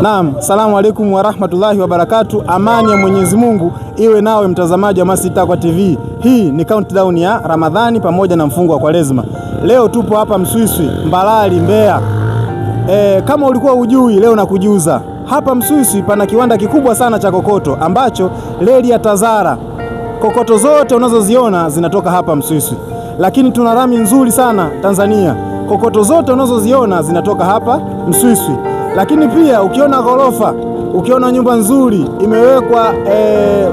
Naam, salamu alaikum warahmatullahi wabarakatu. Amani ya Mwenyezi Mungu iwe nawe mtazamaji wa Masitaakwa TV. Hii ni countdown ya Ramadhani pamoja na mfungo wa Kwaresma. Leo tupo hapa Mswiswi, Mbalali, Mbeya. E, kama ulikuwa ujui leo nakujuza. Hapa Mswiswi pana kiwanda kikubwa sana cha kokoto ambacho reli ya Tazara, kokoto zote unazoziona zinatoka hapa Mswiswi, lakini tuna rami nzuri sana Tanzania. Kokoto zote unazoziona zinatoka hapa Mswiswi. Lakini pia ukiona ghorofa, ukiona nyumba nzuri imewekwa eh,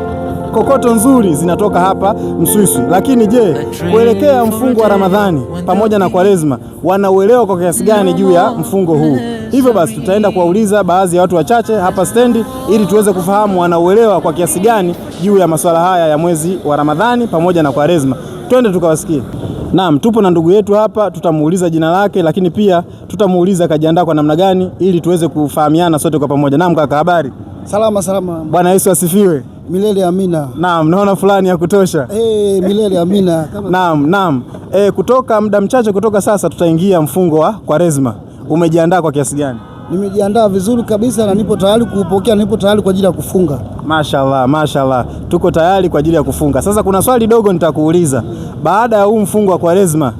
kokoto nzuri zinatoka hapa Mswiswi. Lakini je, kuelekea mfungo wa Ramadhani pamoja na Kwaresma wanauelewa kwa kiasi gani juu ya mfungo huu? Hivyo basi tutaenda kuwauliza baadhi ya watu wachache hapa stendi ili tuweze kufahamu wanauelewa kwa kiasi gani juu ya masuala haya ya mwezi wa Ramadhani pamoja na Kwaresma. Twende tukawasikie. Naam, tupo na ndugu yetu hapa, tutamuuliza jina lake, lakini pia tutamuuliza kajiandaa kwa namna gani ili tuweze kufahamiana sote kwa pamoja. Naam kaka, habari? Salama salama. Bwana Yesu asifiwe. Milele amina. Naam, naona fulani ya kutosha. Hey, eh, milele amina. Naam, naam. Eh, kutoka muda mchache kutoka sasa tutaingia mfungo wa Kwaresma. Umejiandaa kwa kiasi gani? nimejiandaa vizuri kabisa na nipo tayari kuupokea, nipo tayari kwa ajili ya kufunga. Mashallah, mashallah, tuko tayari kwa ajili ya kufunga. Sasa kuna swali dogo nitakuuliza, baada ya huu mfungo wa Kwaresma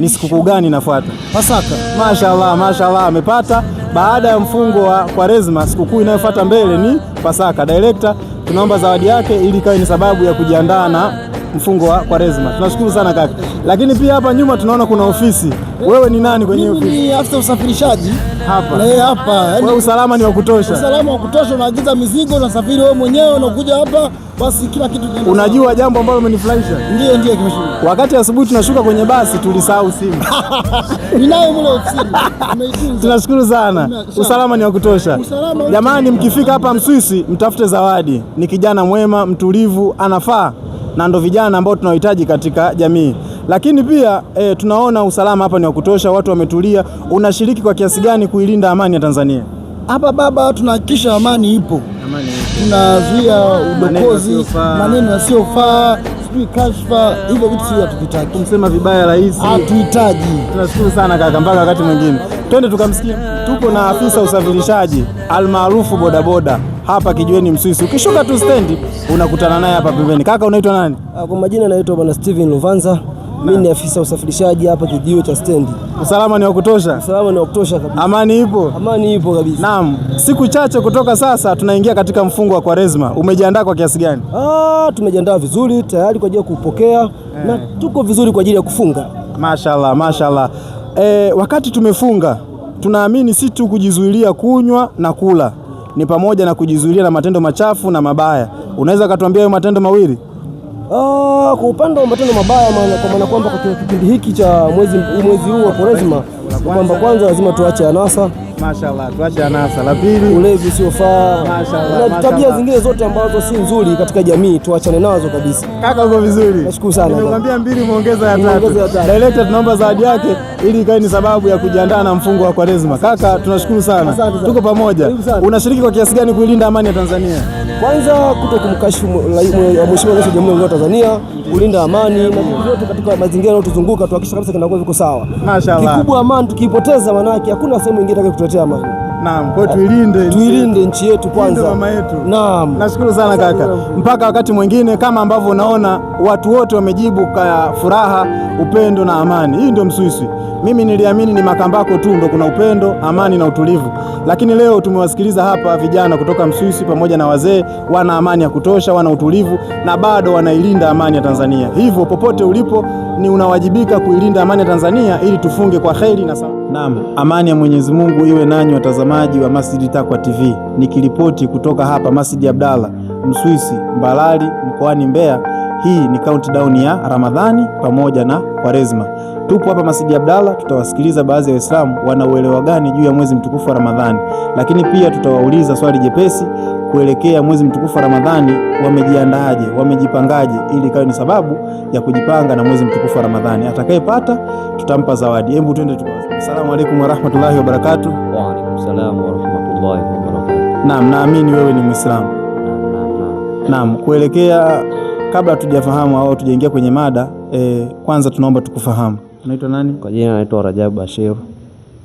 ni sikukuu gani inafuata? Pasaka. Mashallah, mashallah, amepata. Baada ya mfungo wa Kwaresma, sikukuu inayofuata mbele ni Pasaka. Director, tunaomba zawadi yake ili ikawe ni sababu ya kujiandaa na mfungo wa Kwaresma. Tunashukuru sana kaka. Lakini pia hapa nyuma tunaona kuna ofisi. Wewe ni nani kwenye ofisi? Mimi ni afisa usafirishaji hapa. Na yeye hapa. Wewe usalama ni wa kutosha. Usalama wa kutosha, unaagiza mizigo, unasafiri wewe mwenyewe, unakuja hapa basi kila kitu. Unajua jambo ambalo umenifurahisha? Ndiyo, ndiyo kimeshuka. Wakati asubuhi tunashuka kwenye basi tulisahau simu. Ninayo mle ofisini. Tunashukuru sana. Usalama ni wa kutosha. Jamani, mkifika hapa Mswisi mtafute Zawadi. Ni kijana mwema, mtulivu, anafaa na ndo vijana ambao tunawahitaji katika jamii. Lakini pia e, tunaona usalama hapa ni wa kutosha, watu wametulia. Unashiriki kwa kiasi gani kuilinda amani ya Tanzania? Hapa baba, tunahakikisha amani ipo, tunazuia udokozi, maneno yasiyofaa kashfa, hivyo vitu sisi hatuvitaki. Kumsema vibaya rais hatuhitaji. Tunashukuru sana kaka, mpaka wakati mwingine. Twende tukamsikia. Tuko na afisa usafirishaji almaarufu bodaboda hapa Kijweni Mswisi. Ukishuka tu stendi unakutana naye hapa pembeni. Kaka, unaitwa nani? Ah, kwa majina naitwa Bwana Steven Luvanza. Mimi ni afisa usafirishaji hapa kijiwe cha stendi. Usalama ni wa kutosha? Usalama ni wa kutosha kabisa. Amani ipo? Amani ipo kabisa. Naam. Siku chache kutoka sasa tunaingia katika mfungo wa Kwaresma. Umejiandaa kwa kiasi gani? Ah, tumejiandaa vizuri tayari kwa ajili ya kupokea eh, na tuko vizuri kwa ajili ya kufunga. Mashallah, mashallah. Eh, wakati tumefunga tunaamini si tu kujizuilia kunywa na kula ni pamoja na kujizuilia na matendo machafu na mabaya. Unaweza katuambia hayo matendo mawili? Ah, kwa upande wa matendo mabaya, kwa maana kwamba kwa kipindi hiki cha mwezi huu wa Kwaresma, kwamba kwanza lazima tuache anasa Mashallah, tuache anasa. La pili, ulevi usiofaa na tabia zingine zote ambazo si nzuri katika jamii, tuachane nazo kabisa. Kaka, uko vizuri, nashukuru sana. Nimekuambia mbili, muongeza ya tatu. Director, tunaomba zawadi yake ili ikawe ni sababu ya kujiandaa na mfungo wa Kwaresma. Kaka, tunashukuru sana, tuko pamoja. Unashiriki kwa kiasi gani kuilinda amani ya Tanzania? Kwanza kuto kumkashifu Mheshimiwa Rais wa Jamhuri ya Muungano wa Tanzania, kulinda amani na vitu katika mazingira yanayotuzunguka, tuhakikishe kabisa kinakuwa viko sawa. Kikubwa amani tukiipoteza, maana yake hakuna sehemu ingine kutuletea amani. Naam, kwa tuilinde, tuilinde nchi yetu kwanza, mama yetu. Naam, nashukuru sana kaka, mpaka wakati mwingine. Kama ambavyo unaona watu wote wamejibu kwa furaha, upendo na amani. Hii ndio Mswiswi. Mimi niliamini ni Makambako tu ndo kuna upendo, amani na utulivu, lakini leo tumewasikiliza hapa vijana kutoka Mswiswi pamoja na wazee. Wana amani ya kutosha, wana utulivu na bado wanailinda amani ya Tanzania. Hivyo popote ulipo, ni unawajibika kuilinda amani ya Tanzania ili tufunge kwa kheri na salama. Naam, amani ya Mwenyezi Mungu iwe nanyi watazamaji wa Masjid Taqwa TV. Nikiripoti kutoka hapa Masjid Abdalla, Mswisi Mbalali mkoani Mbeya. Hii ni countdown ya Ramadhani pamoja na Kwaresma. Tupo hapa Masjid Abdalla, tutawasikiliza baadhi ya Waislamu wanauelewa gani juu ya mwezi mtukufu wa Ramadhani, lakini pia tutawauliza swali jepesi kuelekea mwezi mtukufu wa Ramadhani, wamejiandaaje, wamejipangaje, ili ikawe ni sababu ya kujipanga na mwezi mtukufu wa Ramadhani. Atakayepata tutampa zawadi. Hebu twende tukawa Asalamu alaykum warahmatullahi rahmatullahi Wa alaykum salaam wa barakatuh. Naam, naamini wewe ni Muislamu. Naam, kuelekea kabla tujafahamu au tujaingia kwenye mada e, kwanza tunaomba tukufahamu. Unaitwa nani? Kwa jina naitwa Rajabu Bashir.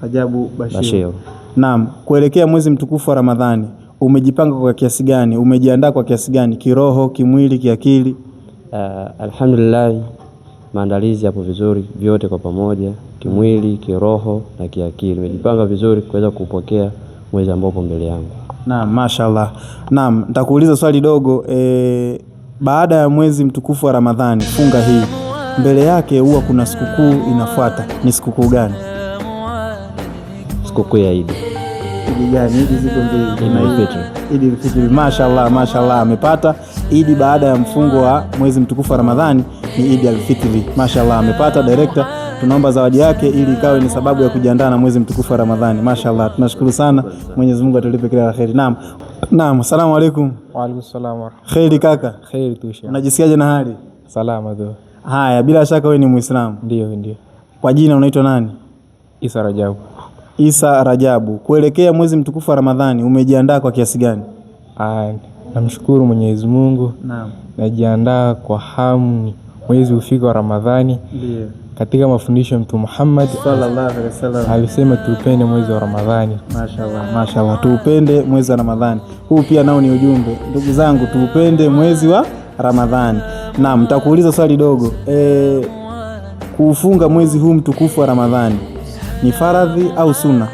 Rajabu Bashir. Naam, kuelekea mwezi mtukufu wa Ramadhani umejipanga kwa kiasi gani? Umejiandaa kwa kiasi gani kiroho, kimwili, kiakili? Uh, alhamdulillah maandalizi yapo vizuri vyote kwa pamoja, kimwili, kiroho na kiakili. Nimejipanga vizuri kuweza kupokea mwezi ambao upo mbele yangu. Naam, mashallah. Naam, nitakuuliza swali dogo e, baada ya mwezi mtukufu wa Ramadhani, funga hii mbele yake huwa kuna sikukuu inafuata, ni sikukuu gani? Sikukuu ya Idi gani? hizi ziko mbili, Idi Fitri. Mashallah, mashallah, amepata idi baada ya mfungo wa mwezi mtukufu wa Ramadhani, ni Idi Alfitri. Mashallah, amepata director. Tunaomba zawadi yake ili ikawe ni sababu ya kujiandaa na mwezi mtukufu wa Ramadhani. Mashallah, tunashukuru sana. Mwenyezi Mungu atulipe kila la kheri. Naam, naam, assalamu alaikum. Wa alaikum salaam. Kheri kaka, kheri shekhi. Unajisikiaje na hali? Salama tu. Haya, bila shaka wewe ni Muislamu? Ndio, ndio. Kwa jina unaitwa nani? Isa Rajabu. Isa Rajabu, kuelekea mwezi mtukufu wa Ramadhani umejiandaa kwa kiasi gani? Namshukuru Mwenyezi Mungu, najiandaa kwa hamu mwezi ufike wa Ramadhani. Ndiyo. Katika mafundisho ya Mtume Muhammad sallallahu alaihi wasallam alisema tuupende mwezi wa Ramadhani. Mashaallah, mashaallah, tuupende mwezi wa Ramadhani. Huu pia nao ni ujumbe, ndugu zangu, tuupende mwezi wa Ramadhani. Naam, nitakuuliza swali dogo e, kuufunga mwezi huu mtukufu wa Ramadhani ni faradhi au suna?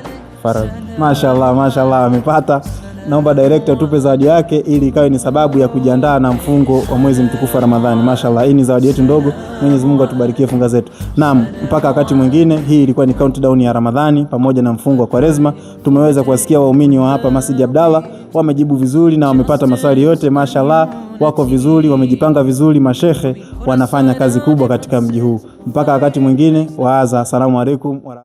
Faradhi. Mashallah, mashallah amepata. Naomba director tupe zawadi yake ili ikawe ni sababu ya kujiandaa na mfungo wa mwezi mtukufu wa Ramadhani. Mashallah, hii ni zawadi yetu ndogo. Mwenyezi Mungu atubarikie funga zetu. Naam, mpaka wakati mwingine. Hii ilikuwa ni countdown ya Ramadhani pamoja na mfungo wa Kwaresma. Tumeweza kuwasikia waumini wa hapa Masjid Abdalla wamejibu vizuri na wamepata maswali yote. Mashallah, wako vizuri, wamejipanga vizuri. Mashehe wanafanya kazi kubwa katika mji huu. Mpaka wakati mwingine, waaza, asalamu alaykum.